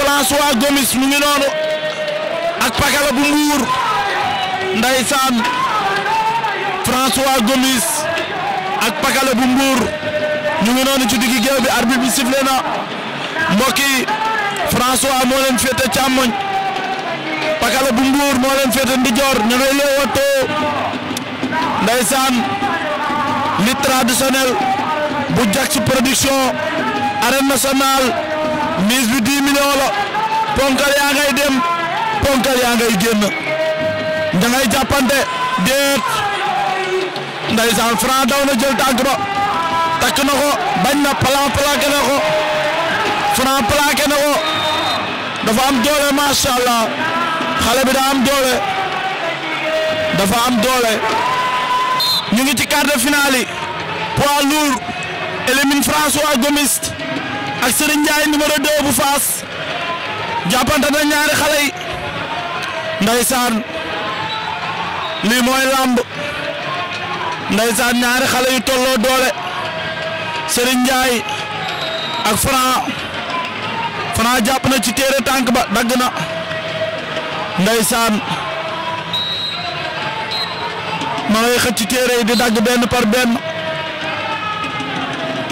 François Gomis mu ngi noonu ak pakala bu mbuur ndeysaan François Gomis ak pakala bu mbuur ñu ngi noonu ci diggi géew bi arbitre bi sifflé na mbokk yi François moo leen féete bu mbuur moo leen ndijoor ñu ngay leewatoo ndeysaan li traditionnel bu Diaks Production arène nationale mise bi 10 millions la ponkal yaa ngay dem ponkal yaa ngay génn da ngay jàppante déet ndeysaan Franc daw na jël tànk ba takk na bañ na plan plaqué na ko Franc plaqué na ko dafa am doole macha allah xale bi daa am doole dafa am doole ñu ngi ci quart de finale yi poids lourd élimine François Gomis ak Serigne Ndiaye numéro 2 bu Faas jàppante na ñaari xale yi ndeysaan lii mooy làmb ndeysaan ñaari xale yu tolloo doole Serigne Ndiaye ak Franc Franc jàpp na ci téere tànk ba dagg na ndeysaan ma ngay xëcc téere yi di dagg benn par benn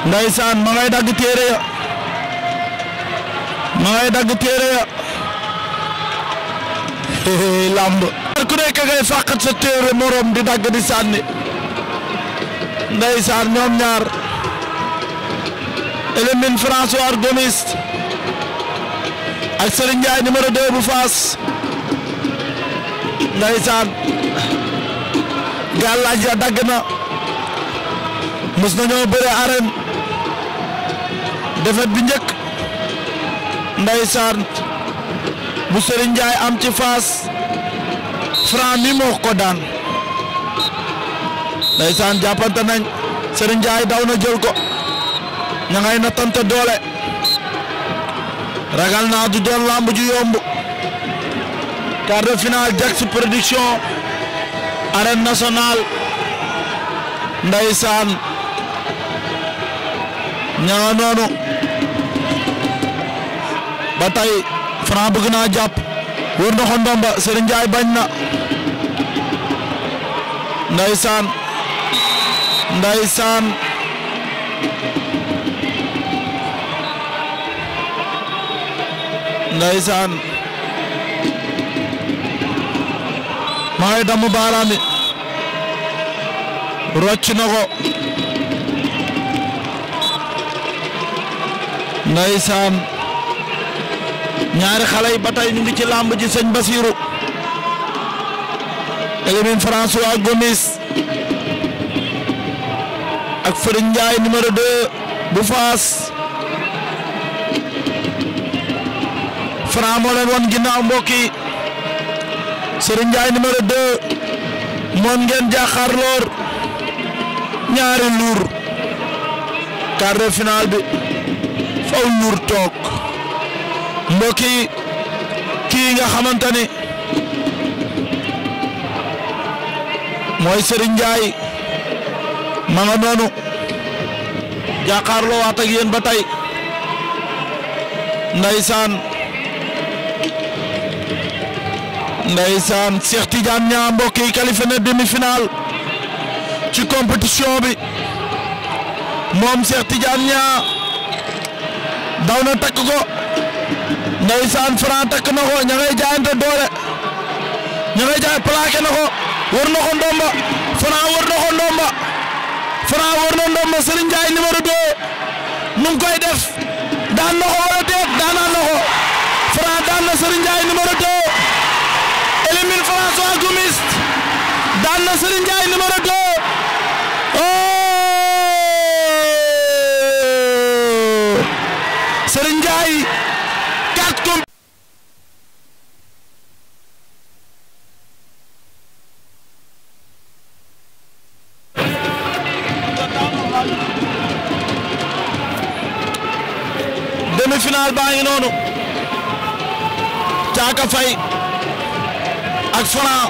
ndeysaan ma ngay dagg téere ya ma ngay dagg téere ya lamb ku nekk ngay fàqat sa téere morom di dagg di sànni ndeysaan ñoom ñaar Elimine François Gomis ak Serigne Ndiaye numéro 2 bu Faas ndeysaan gàllaaj ya dagg na mos nañoo bëre arène defet bi njëkk ndeysaan bu Serigne Ndiaye am ci faas Franc mi moo ko daan ndeysaan jàppante nañ Serigne Ndiaye daw na jël ko ña ngay nattante doole ragal naa du doon lamb ju yomb quart de finale Jax Production arène nationale ndeysaan ña nga noonu ba tay Franc bëgg naa jàpp wër na ko ndomba Serigne Ndiaye bañ na ndaysaan ndaysaan ndaysaan maa ngi damm baaraam yi rocc na ko ndaysaan ñaari xale yi ba tey ngi ci làmb ji sëñ Basirou Elimine François Gomis ak Fëriñ Njaay numéro 2 bu Faas Franc moo leen woon ginnaaw mbokk yi Serigne Ndiaye numéro 2 moom ngeen jàkkaar loor ñaari luur quart de finale bi faw luur toog mbokk yi kii nga xamante ni mooy Serigne Ndiaye ma nga noonu jàkkaarloo waat ak yéen ba tey ndeysaan ndeysaan Cheikh Tidiane Niang mbokk yi qualifié na demi-finale ci compétition bi moom Cheikh Tidiane Niang daw na takk ndeysaan Franc takk na ko ña ngay jaayante doole ña jaay plaqué na ko war na ko ndomba Franc war na ko ndomba Franc war na ndomba Serigne numéro 2 nu koy def daan na ko wala déet daanaan na ko Franc daan na Serigne Ndiaye numéro 2 élimine François Gomis daan na Serigne numéro 2 oh Serigne ak comp demi-finale baa ngi noonu Caaka Faye ak Franc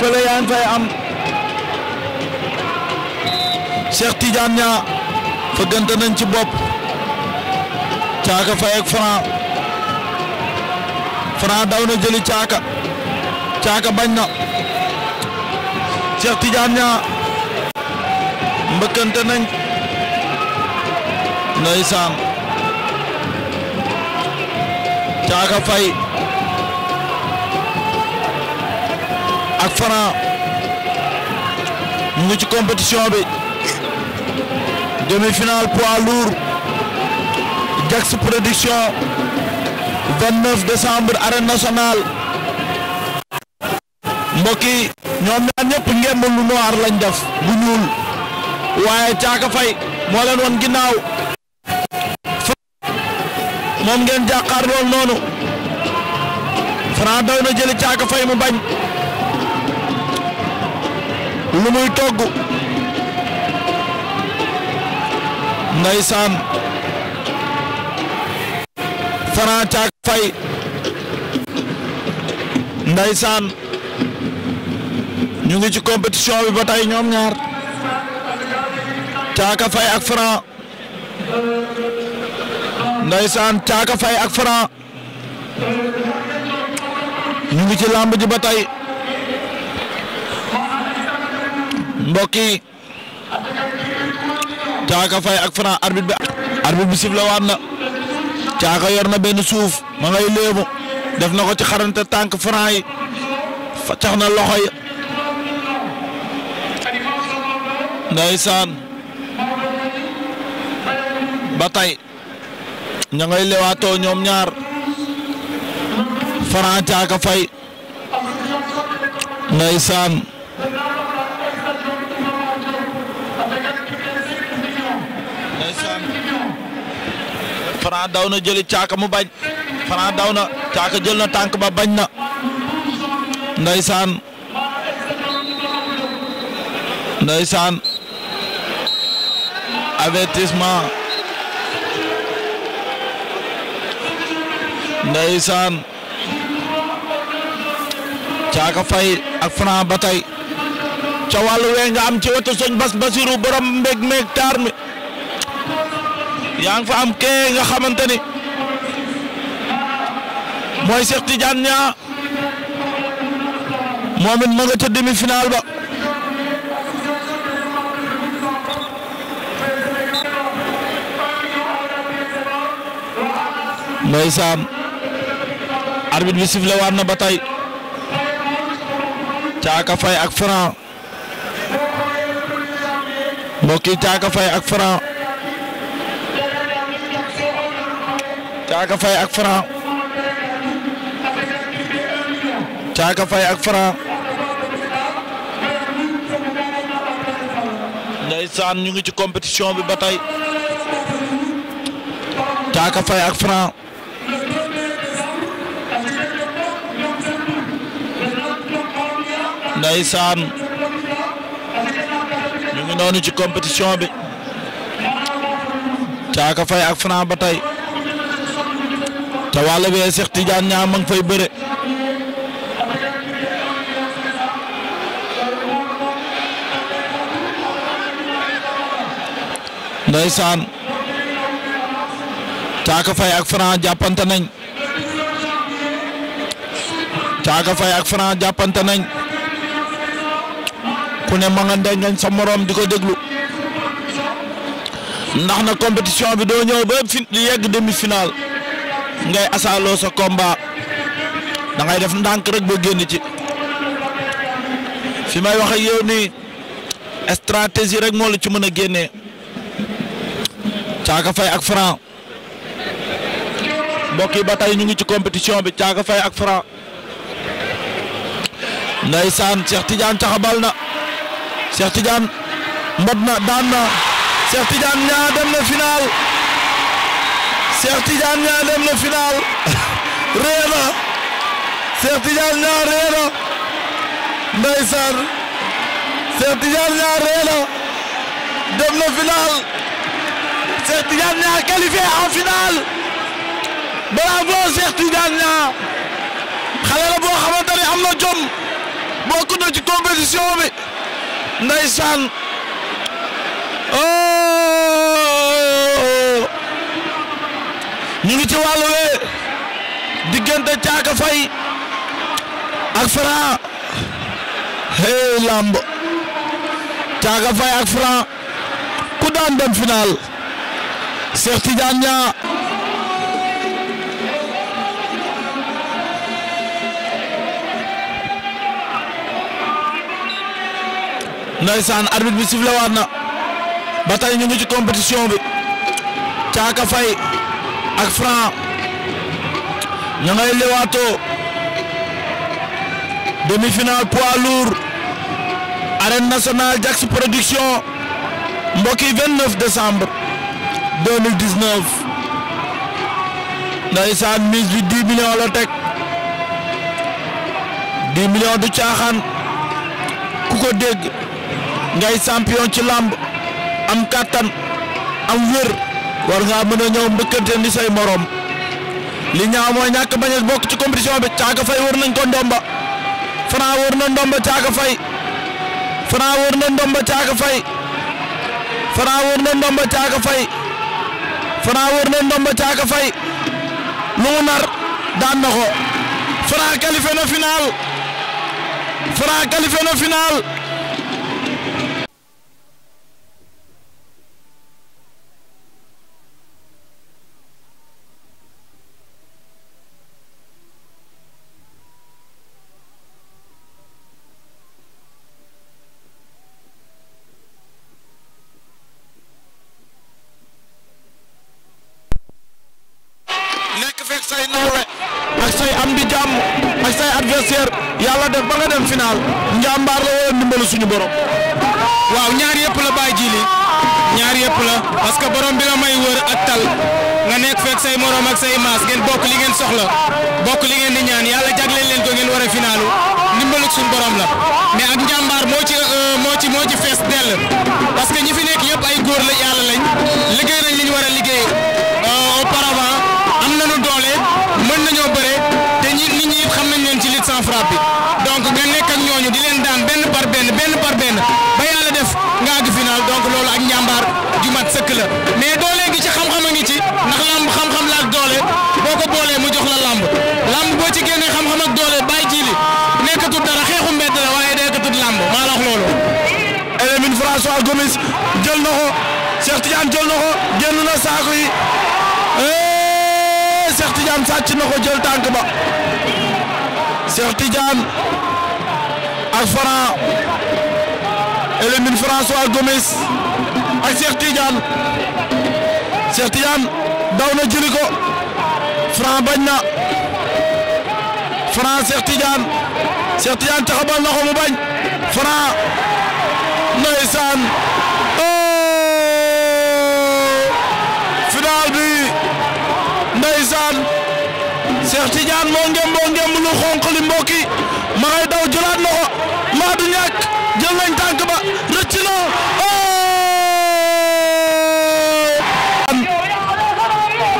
fële yaa ngi fay am Cheikh Tidiane Niang fëggante nañ ci bopp Caaka Faye ak Franc Franc na jëli Caaka Caaka bañ na Cheikh Tidiane ñaa mbëkkante nañ ndeysaan Caaka Faye ak Franc mu ngi bi demi-finale poids lourd Jax production 29 décembre arène nationale mbokk yi ñoom ñaar ñëpp ngemb lu noir lañ def bu ñuul waaye Caaka Fay moo leen won ginnaaw moom ngeen jàkkaar lool noonu Franc daw jëli Caaka Fay mu bañ lu muy togg ndeysaan Franc Caaka Faye Ndeysaan ñu ngi ci compétition bi ba ñoom ñaar Caaka ak Franc Ndeysaan Caaka Faye ak Franc ñu ci làmb ji ba tey mbokk yi Caaka Faye ak Franc arbitre bi arbitre bi sifle caaka yor na benn suuf ma ngay léemu def na ko ci xarante tànk franc yi faccax na loxo yi ndeysaan ba tey ña ngay lewaatoo ñoom ñaar franc caaka fay ndeysaan Franc daw na jëli caaka mu bañ Franc daw na caaka jël na tànk ba bañ na ndeysaan ndeysaan avertissement ndeysaan caaka fay ak Franc ba tey ca wee nga ci wetu soñ bas basiru borom mbég mbég taar mi yaa ngi fa kee nga xamante ni mooy Cheikh Tidiane Niang moom it ma nga ca demi-finale ba ndeysaan arbitre bi sifflé waat na ba tey caaka fay ak franc mbokk yi caaka fay ak franc Caaka Faye ak Franc Caaka Faye ak Franc ndeysaan ñu ngi ci compétition bi ba tey Caaka ak Franc ndeysaan ñu ngi ci compétition bi Caaka ak Franc ba tey te wàll bee Cheikh Tidiane ñaa ma ngi fay bëre ndeysaan caaka fay ak Franc jàppante nañ caaka fay ak Franc jàppante nañ ku ne ma nga sa morom di ko déglu ndax na compétition bi doo ba yegg demi-finale ngay asaaloo sa combat da ngay def ndànk rek boo génn ci fi may waxe ak yow stratégie rek moo la ci mën a génnee Caaka fay ak Franc mbokk yi ba tay ñu ngi ci compétition bi Caaka fay ak Franc ndeysaan Cheikh Tidiane caxabal na Cheikh Tidiane mbot na daan na Cheikh Tidiane ñaa dem na final Cheikh Tidiane Niang dem na final réer na Cheikh Tidiane Niang réer na ndeysaan Cheikh Tidiane Niang réer na dem na final Cheikh Tidiane Niang qualifié en finale bravo Cheikh Tidiane Niang xale la boo xamante ne am na jom bokk na ci compétition bi ndeysaan oh ñu ngi ci wàll wee diggante caaka fay ak Franc hey lamb caaka fay ak Franc ku daan dem final Cheikh Tidiane Niang Ndeysaan arbitre bi sifflé waat na ba ñu ngi ci compétition bi caaka fay ak Franc ña ngay lewaatoo demi-finale poids lourd arène nationale Jax production mbokk yi 29 décembre 2019 ndeysaan mise bi 10 millions la teg 10 millions du caaxaan ku ko dégg ngay champion ci làmb am kàttan am wér war ngaa mën a ñëw ni say morom li ñaaw mooy ñàkk bañ bokk ci compétition bi caaka fay wër nañ ko ndomba Franc wër na ndomba caaka fay Franc wër na ndomba caaka fay Franc wër na ndomba caaka fay Franc nar daan na ko Franc qualifié na final Franc qualifié na final ak say am di jàmm ak say adversaire yàlla def ba nga dem final njàmbaar la wala ndimbalu suñu borom. waaw ñaar yëpp la bàyyi jiili ñaar yëpp la parce que borom bi la may wër ak tal nga nekk fekk say morom ak say maas ngeen bokk li ngeen soxla bokk li ngeen di ñaan yàlla jagleel leen ko ngeen war a finalu ndimbalu suñu borom la mais ak njàmbaar moo ci euh, moo ci moo ci fees dell parce ñi fi nekk yëpp ay góor la yàlla lañ. Tidiane jël na ko génn na saako yi eh, Cheikh Tidiane sàcc na ko jël tànk ba Cheikh Tidiane ak Franc élimine François Gomis ak Cheikh Tidiane Cheikh daw na jëli ko bañ na Franc Cheikh Tidiane Cheikh Tidiane taxabal na ko mu bañ Franc ndeysaan final bi ndeysaan Cheikh Tidiane moo ngem moo ngem lu xonq daw jëlaat na ko du ñàkk jël nañ tànk ba rëcc na oh!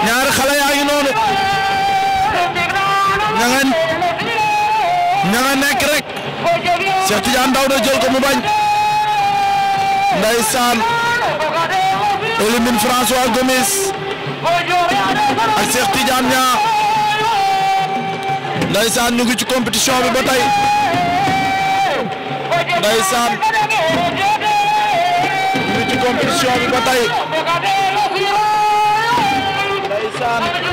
ñaari xale yaa ngi noonu ña nga nekk rek Cheikh daw na jël ko mu bañ ndeysaan élimine François Gomis ak Cheikh Tidiane Niang ndaysaan ñu ngi ci compétition bi ba tey ndaysaan ñu ngi bi ba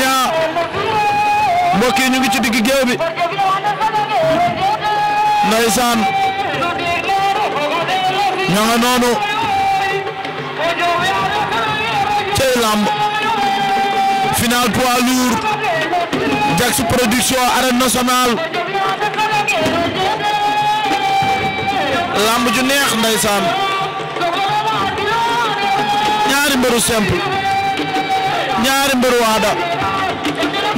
ñoom ñaar ñu ngi ci digg géew bi ndeysaan ña nga noonu cey lamb production arène ñaari mbëru simple ñaari mbëru waada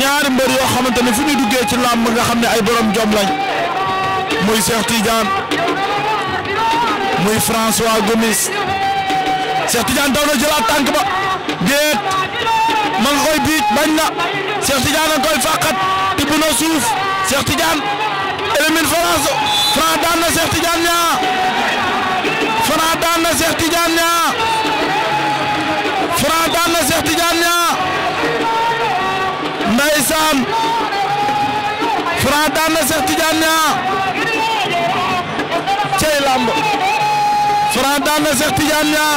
ñaari mbër yoo xamante ne fu ñu duggee ci làmb nga xam ne ay borom jom lañ muy Cheikh Tidiane muy François Gomis Cheikh Tidiane daw na jëlaat ba déet ma nga biit bañ na Cheikh Tidiane a koy fàqat tibb na suuf Cheikh Tidiane élimine France Franc daan na ñaa Franc daan na ñaa ñaa daan na Cheikh Tidiane ñaa cey lamb Franc daan na Cheikh Tidiane ñaa